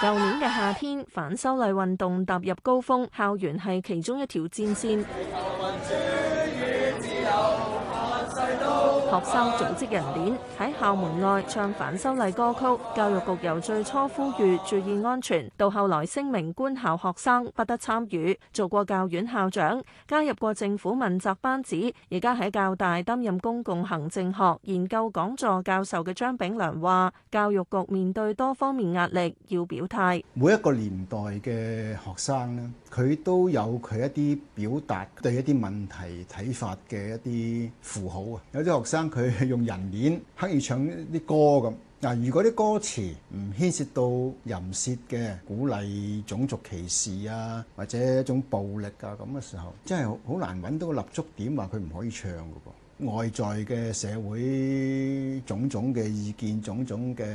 舊年嘅夏天，反修例運動踏入高峰，校園係其中一條戰線。學生組織人鏈喺校門外唱反修例歌曲。教育局由最初呼籲注意安全，到後來聲明官校學生不得參與。做過教院校長、加入過政府問責班子，而家喺教大擔任公共行政學研究講座教授嘅張炳良話，教育局面對多方面壓力，要表態。每一個年代嘅學生咧，佢都有佢一啲表達對一啲問題睇法嘅一啲符號啊，有啲學生。佢用人面刻意唱啲歌咁嗱，如果啲歌詞唔牽涉到淫褻嘅、鼓勵種族歧視啊，或者一種暴力啊咁嘅時候，真係好難揾到個立足點，話佢唔可以唱嘅噃。外在嘅社會種種嘅意見、種種嘅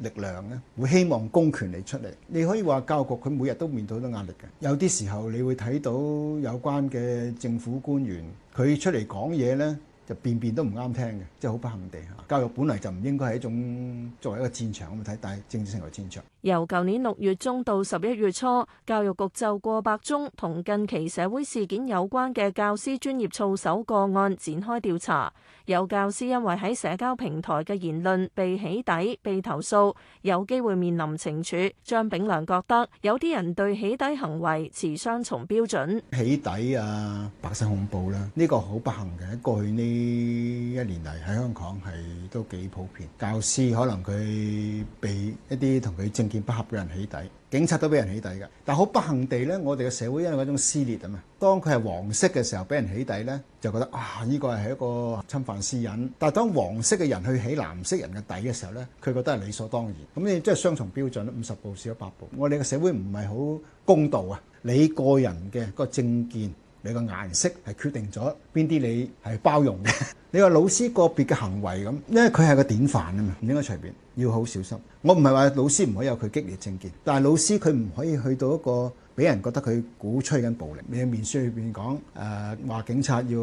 力量咧，會希望公權力出嚟。你可以話教育局佢每日都面對好多壓力嘅，有啲時候你會睇到有關嘅政府官員佢出嚟講嘢咧。就遍遍都唔啱聽嘅，即係好不幸地嚇。教育本來就唔應該係一種作為一個戰場咁睇，但係政治成為戰場。由舊年六月中到十一月初，教育局就過百宗同近期社會事件有關嘅教師專業操守個案展開調查。有教師因為喺社交平台嘅言論被起底、被投訴，有機會面臨懲處。張炳良覺得有啲人對起底行為持雙重標準。起底啊，白色恐怖啦、啊，呢、這個好不幸嘅。過去呢～呢一年嚟喺香港係都幾普遍，教師可能佢俾一啲同佢政見不合嘅人起底，警察都俾人起底嘅。但好不幸地呢，我哋嘅社會因為嗰種撕裂啊嘛，當佢係黃色嘅時候俾人起底呢，就覺得啊呢個係一個侵犯私隱。但係當黃色嘅人去起藍色人嘅底嘅時候呢，佢覺得係理所當然。咁你即係雙重標準，五十步笑百步。我哋嘅社會唔係好公道啊！你個人嘅個政見。你個顏色係決定咗邊啲你係包容嘅。你話老師個別嘅行為咁，因為佢係個典範啊嘛，唔應該隨便，要好小心。我唔係話老師唔可以有佢激烈政見，但係老師佢唔可以去到一個俾人覺得佢鼓吹緊暴力，你喺面書裏邊講誒話警察要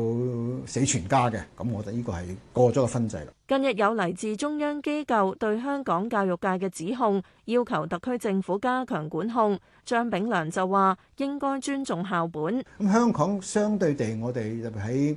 死全家嘅。咁我覺得呢個係過咗個分際啦。近日有嚟自中央機構對香港教育界嘅指控，要求特區政府加強管控。張炳良就話應該尊重校本。咁香港相對地，我哋特別喺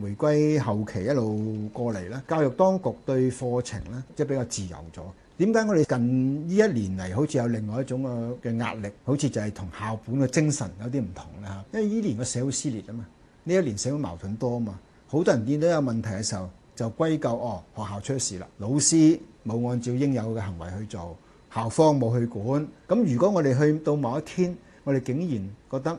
回歸後期一路過嚟咧，教育當局對課程咧即係比較自由咗。點解我哋近呢一年嚟好似有另外一種嘅嘅壓力？好似就係同校本嘅精神有啲唔同啦嚇。因為呢年個社會撕裂啊嘛，呢一年社會矛盾多啊嘛，好多人見到有問題嘅時候就歸咎哦，學校出事啦，老師冇按照應有嘅行為去做，校方冇去管。咁如果我哋去到某一天，我哋竟然覺得。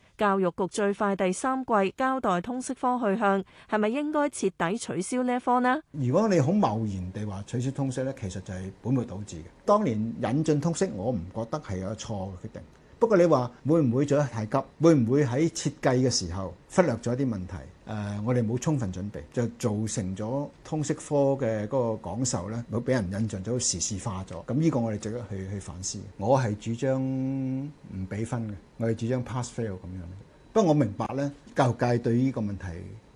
教育局最快第三季交代通識科去向，係咪應該徹底取消呢一科呢？如果你好貿然地話取消通識呢，其實就係本末倒置嘅。當年引進通識，我唔覺得係有錯嘅決定。不過你話會唔會做得太急，會唔會喺設計嘅時候忽略咗啲問題？誒，我哋冇充分準備，就造成咗通識科嘅嗰個講授咧，冇俾人印象咗時事化咗。咁呢個我哋值得去去反思。我係主張唔俾分嘅，我係主張 pass fail 咁樣。不過我明白咧，教育界對呢個問題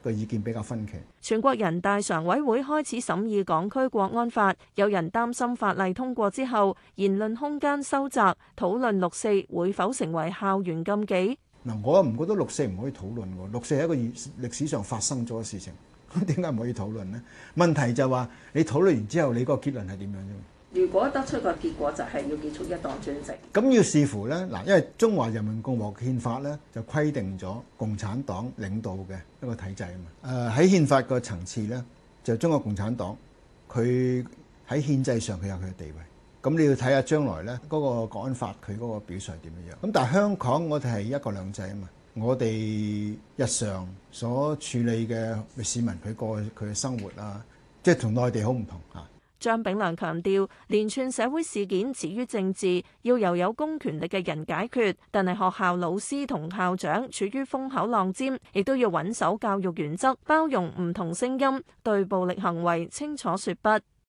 個意見比較分歧。全國人大常委會開始審議港區國安法，有人擔心法例通過之後，言論空間收窄，討論六四會否成為校園禁忌？嗱，我唔覺得六四唔可以討論喎。六四係一個歷史上發生咗嘅事情，點解唔可以討論呢？問題就話、是、你討論完之後，你個結論係點樣啫？如果得出一個結果就係、是、要結束一黨專政，咁要視乎呢，嗱，因為《中華人民共和國憲法》呢就規定咗共產黨領導嘅一個體制啊嘛。誒喺憲法個層次呢，就中國共產黨佢喺憲制上佢有佢嘅地位。咁你要睇下將來呢嗰、那個講法佢嗰個表述係點樣樣。咁但係香港我哋係一國兩制啊嘛，我哋日常所處理嘅市民佢過佢嘅生活啊，即係同內地好唔同嚇。張炳良強調，連串社會事件始於政治，要由有公權力嘅人解決。但係學校老師同校長處於風口浪尖，亦都要穩守教育原則，包容唔同聲音，對暴力行為清楚說不。